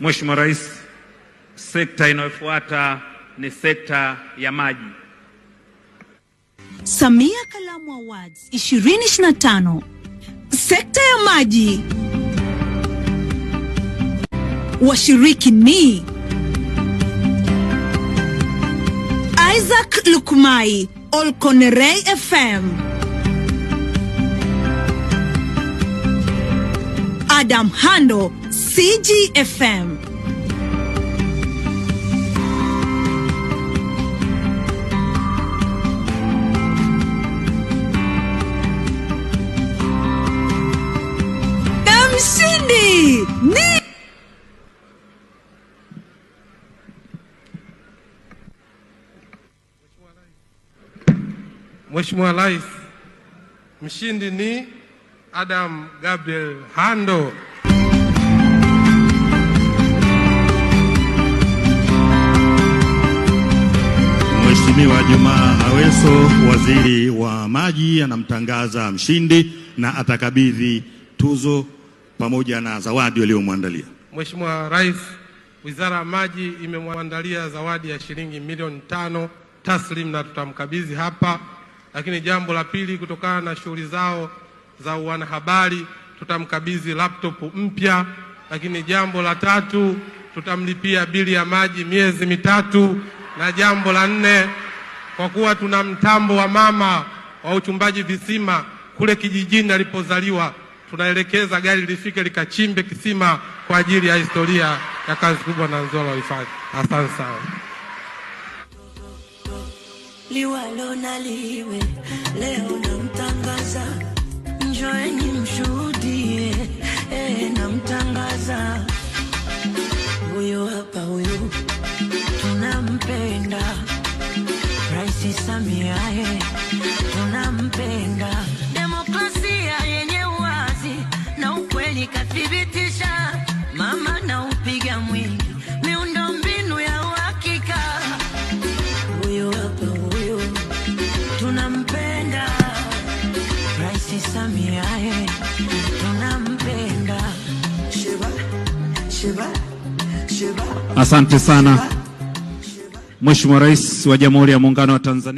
Mheshimiwa Rais, sekta inayofuata ni sekta ya maji. Samia Kalamu Awards 2025 sekta ya maji. Washiriki ni Isaac Lukumai, Olkonerei FM, Adam Hando CGFM. Na mshindi ni Mheshimiwa Rais, mshindi ni Adam Gabriel Hando. Mheshimiwa Juma Aweso, waziri wa maji, anamtangaza mshindi na atakabidhi tuzo pamoja na zawadi waliomwandalia. Mheshimiwa Rais, Wizara ya Maji imemwandalia zawadi ya shilingi milioni tano taslim na tutamkabidhi hapa. Lakini jambo la pili, kutokana na shughuli zao za wanahabari tutamkabidhi laptop mpya. Lakini jambo la tatu, tutamlipia bili ya maji miezi mitatu. Na jambo la nne, kwa kuwa tuna mtambo wa mama wa uchumbaji visima kule kijijini alipozaliwa, tunaelekeza gari lifike likachimbe kisima kwa ajili ya historia ya kazi kubwa na nzora hifadhi. Asante sana. tumsamiae, eh. tunampenda. Demokrasia yenye uwazi na ukweli kathibitisha, mama na upiga mwingi, miundo mbinu ya uhakika, huyo hapa huyo, tunampenda Rais Samiae, eh. tunampenda Sheba, Sheba, Sheba. Asante sana Mheshimiwa Rais wa Jamhuri ya Muungano wa Tanzania.